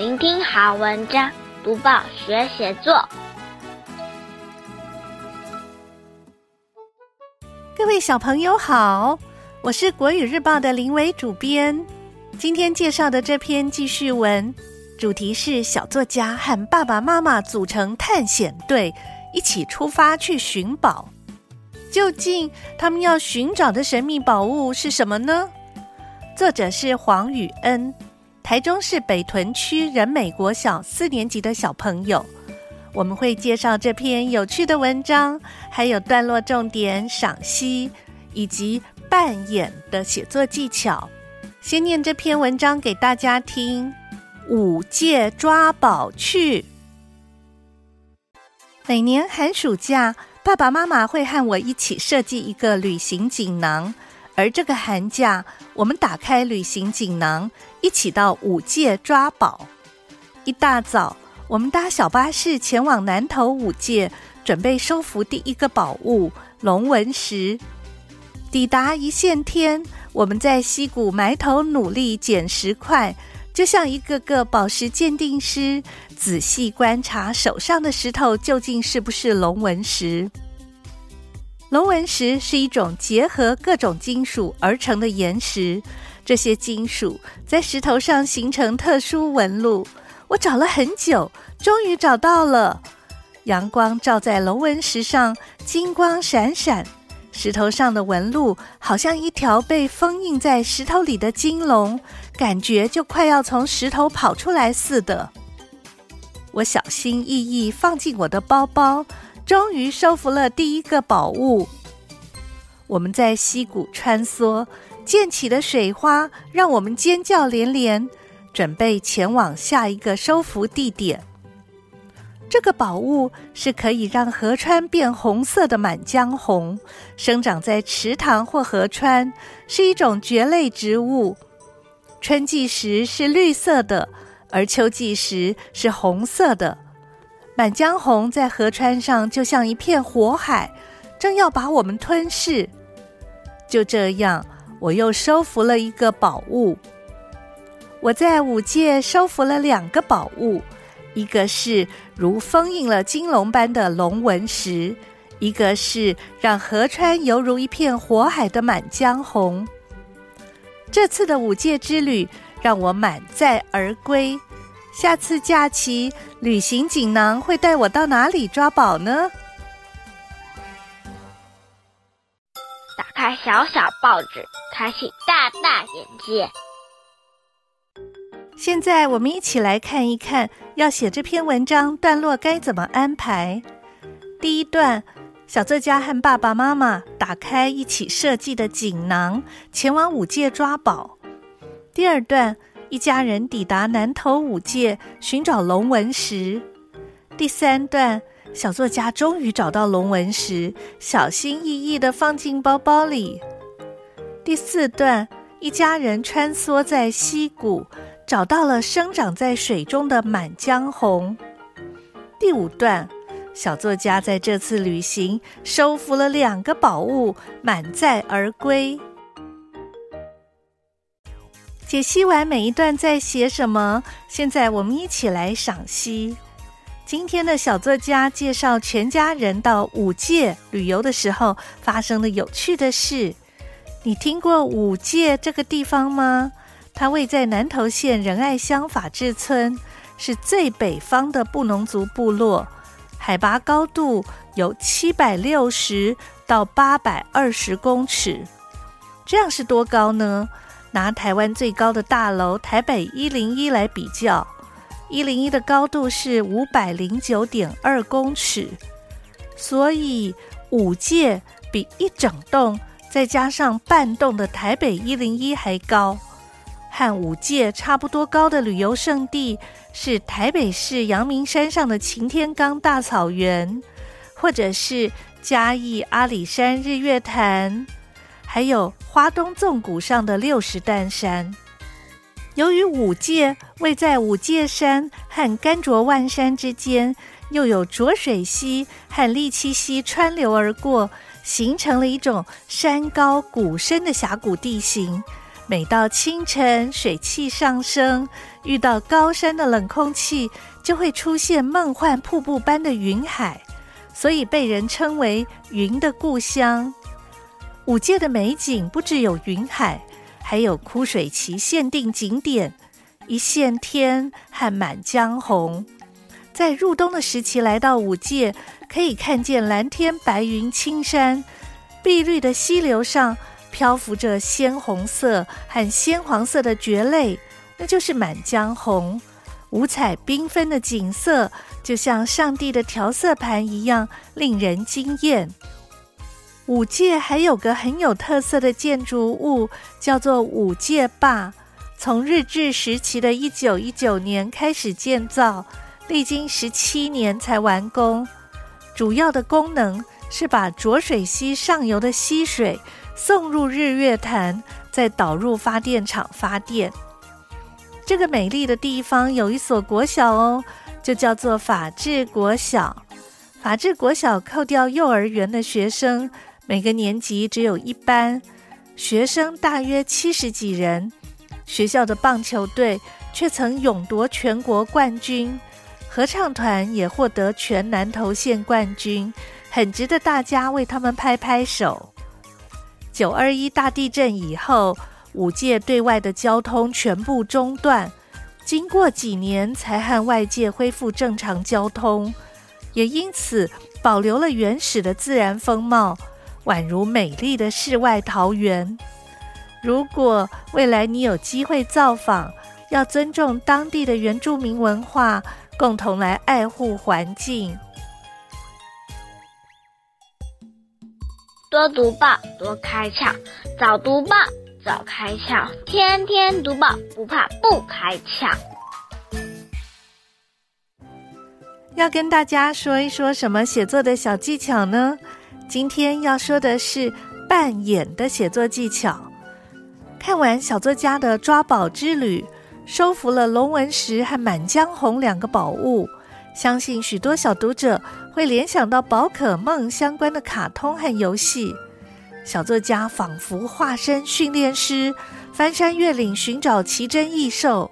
聆聽好文章，讀報學寫作。各位小朋友好，我是國語日報的林偉主編。今天介紹的這篇記敘文，主題是小作家和爸爸媽媽組成探險隊，一起出發去尋寶。究竟他們要尋找的神祕寶物是什麼呢？作者是黃宇恩。台中市北屯區仁美國小四年級的小朋友。我們會介紹這篇有趣的文章，還有段落重點賞析以及扮演的寫作技巧。先念這篇文章給大家聽，武界抓寶趣。每年寒暑假，爸爸媽媽會和我一起設計一個旅行錦囊。而這個寒假，我們打開旅行錦囊，一起到武界抓寶。一大早，我們搭小巴士前往南投武界，準備收服第一個寶物龍紋石。抵達一線天，我們在溪谷埋頭努力撿石塊，就像一個個寶石鑑定師，仔細觀察手上的石頭究竟是不是龍紋石。龍紋石是一種結合各種金屬而成的岩石，這些金屬在石頭上形成特殊紋路。我找了很久，終於找到了。陽光照在龍紋石上，金光閃閃，石頭上的紋路好像一條被封印在石頭裡的金龍，感覺就快要從石頭跑出來似的。我小心翼翼放進我的包包。終於收服了第一個寶物。我們在溪谷穿梭，濺起的水花讓我們尖叫連連，準備前往下一個收服地點。這個寶物是可以讓河川變紅色的滿江紅，生長在池塘或河川，是一種蕨類植物。春季時是綠色的，而秋季時是紅色的。滿江紅在河川上就像一片火海，正要把我們吞噬。就這樣，我又收服了一個寶物。我在武界收服了兩個寶物，一個是如封印了金龍般的龍紋石，一個是讓河川猶如一片火海的滿江紅。這次的武界之旅讓我滿載而歸。下次假期旅行錦囊會帶我到哪裡抓寶呢？打開小小報紙，開啟大大眼界。現在我們一起來看一看，要寫這篇文章段落該怎麼安排。第一段，小作家和爸爸媽媽打開一起設計的錦囊，前往武界抓寶。第二段。一家人抵達南投武界尋找龍紋石。第三段，小作家終於找到龍紋石，小心翼翼地放進包包裡。第四段，一家人穿梭在溪谷，找到了生長在水中的滿江紅。第五段，小作家在這次旅行收服了兩個寶物，滿載而歸。解析完每一段在寫什麼？現在我們一起來賞析。今天的小作家介紹全家人到武界旅遊的時候發生的有趣的事。你聽過武界這個地方嗎？它位在南投縣仁愛鄉法治村，是最北方的布農族部落，海拔高度有七百六十到八百二十公尺。這樣是多高呢？拿台灣最高的大樓台北一零一來比較，一零一的高度是五百零九點二公尺，所以武界比一整棟再加上半棟的台北一零一還高。和武界差不多高的旅遊勝地是台北市陽明山上的擎天崗大草原，或者是嘉義阿里山日月潭。還有花東縱谷上的六十石山。由於武界位在武界山和干卓萬山之間，又有濁水溪和栗棲溪穿流而過，形成了一種山高谷深的峽谷地形。每到清晨，水氣上升，遇到高山的冷空氣，就會出現夢幻瀑布般的雲海，所以被人稱為“雲的故鄉”。武界的美景不只有雲海，還有枯水期限定景點一線天和滿江紅。在入冬的時期來到武界，可以看見藍天白雲、青山，碧綠的溪流上漂浮着鮮紅色和鮮黃色的蕨類，那就是滿江紅。五彩繽紛的景色就像上帝的調色盤一樣，令人驚艷。武界還有個很有特色的建築物，叫做武界壩。從日治時期的一九一九年開始建造，歷經十七年才完工。主要的功能是把濁水溪上游的溪水送入日月潭，再導入發電廠發電。這個美麗的地方有一所國小哦，就叫做法治國小。法治國小扣掉幼兒園的學生。每個年級只有一班，學生大約七十幾人。學校的棒球隊卻曾勇奪全國冠軍，合唱團也獲得全南投縣冠軍，很值得大家為他們拍拍手。九二一大地震以後，武界對外的交通全部中斷，經過幾年才和外界恢復正常交通，也因此保留了原始的自然風貌。宛如美麗的世外桃源。如果未來你有機會造訪，要尊重當地的原住民文化，共同來愛護環境。多讀報，多開竅；早讀報，早開竅；天天讀報，不怕不開竅。要跟大家說一說什麼寫作的小技巧呢？今天要說的是扮演的寫作技巧。看完小作家的抓寶之旅，收服了龍紋石和滿江紅兩個寶物，相信許多小讀者會聯想到寶可夢相關的卡通和遊戲。小作家仿佛化身訓練師，翻山越嶺尋找奇珍異獸，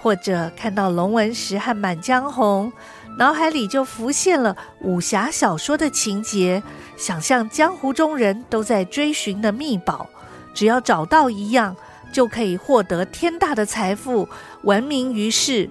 或者看到龍紋石和滿江紅。腦海裡就浮現了武俠小說的情節，想象江湖中人都在追尋的秘寶，只要找到一樣，就可以獲得天大的財富，聞名於世。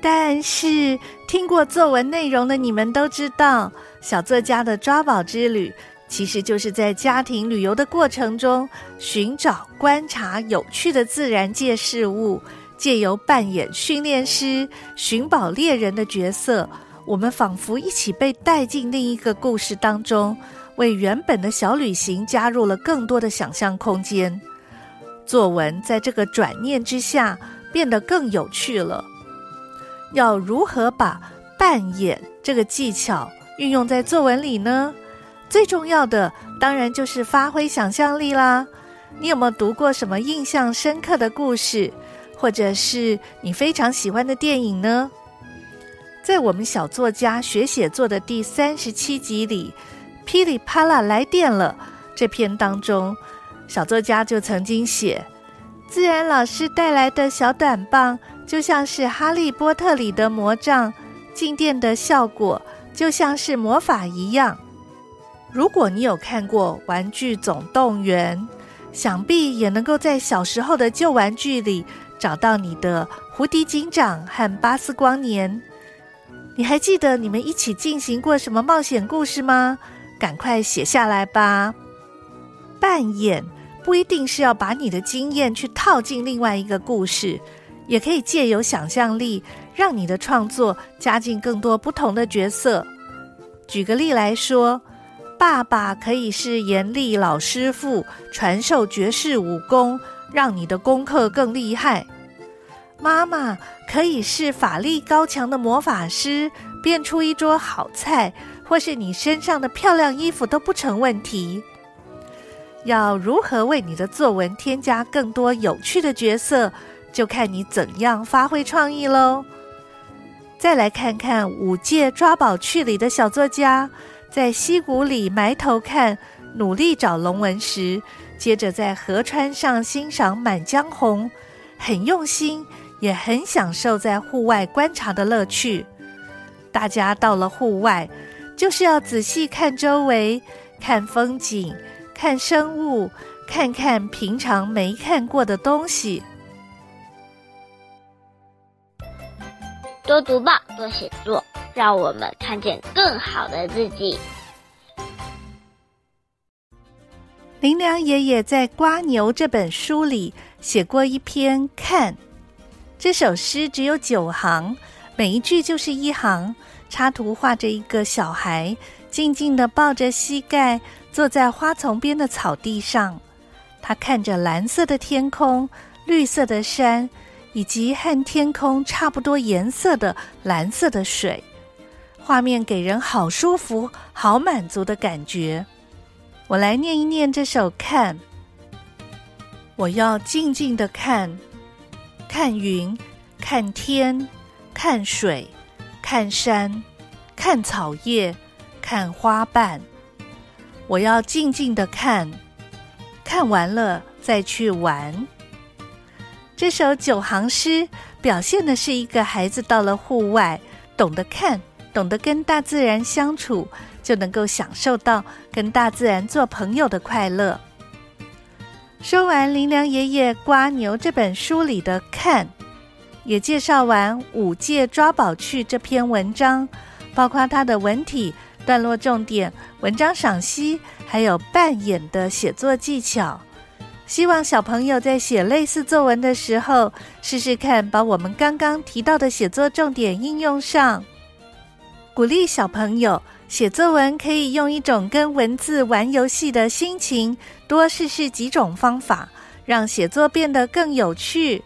但是聽過作文內容的你們都知道，小作家的抓寶之旅，其實就是在家庭旅遊的過程中，尋找、觀察有趣的自然界事物。借由扮演訓練師、尋寶獵人的角色，我們仿佛一起被帶進另一個故事當中，為原本的小旅行加入了更多的想象空間。作文在這個轉念之下變得更有趣了。要如何把扮演這個技巧運用在作文裡呢？最重要的當然就是發揮想象力啦。你有沒有讀過什麼印象深刻的故事？或者是你非常喜歡的電影呢？在我們小作家學寫作的第三十七集裡，《噼里啪啦來電了》這篇當中，小作家就曾經寫：自然老師帶來的小短棒，就像是《哈利波特》裡的魔杖，靜電的效果就像是魔法一樣。如果你有看過《玩具總動員》，想必也能夠在小時候的舊玩具裡。找到你的胡迪警長和巴斯光年。你還記得你們一起進行過什麼冒險故事嗎？趕快寫下來吧。扮演，不一定是要把你的經驗去套進另外一個故事，也可以借由想象力，讓你的創作加進更多不同的角色。舉個例來說，爸爸可以是嚴厲老師傅，傳授絕世武功，讓你的功課更厲害，媽媽可以是法力高強的魔法師，變出一桌好菜，或是你身上的漂亮衣服都不成問題。要如何為你的作文添加更多有趣的角色，就看你怎樣發揮創意嘍。再來看看《武界抓寶趣》裡的小作家，在溪谷裡埋頭看，努力找龍紋石。接着在河川上欣賞滿江紅，很用心，也很享受在戶外觀察的樂趣。大家到了戶外，就是要仔細看周圍，看風景，看生物，看看平常沒看過的東西。多讀報，多寫作，讓我們看見更好的自己。林良爺爺在《瓜牛》這本書裡寫過一篇《看》這首詩，只有九行，每一句就是一行。插圖畫着一個小孩靜靜地抱着膝蓋坐在花叢邊的草地上，他看着藍色的天空、綠色的山以及和天空差不多顏色的藍色的水，畫面給人好舒服、好滿足的感覺。我來念一念這首《看》，我要靜靜的看，看雲，看天，看水，看山，看草葉，看花瓣。我要靜靜的看，看完了再去玩。這首九行詩表現的是一個孩子到了戶外，懂得看。懂得跟大自然相處，就能夠享受到跟大自然做朋友的快樂。說完《林良爺爺蝸牛》這本書裡的看，也介紹完《武界抓寶趣》這篇文章，包括他的文體、段落重點、文章賞析，還有扮演的寫作技巧。希望小朋友在寫類似作文的時候，試試看把我們剛剛提到的寫作重點應用上。鼓勵小朋友寫作文，可以用一種跟文字玩遊戲的心情，多試試幾種方法，讓寫作變得更有趣。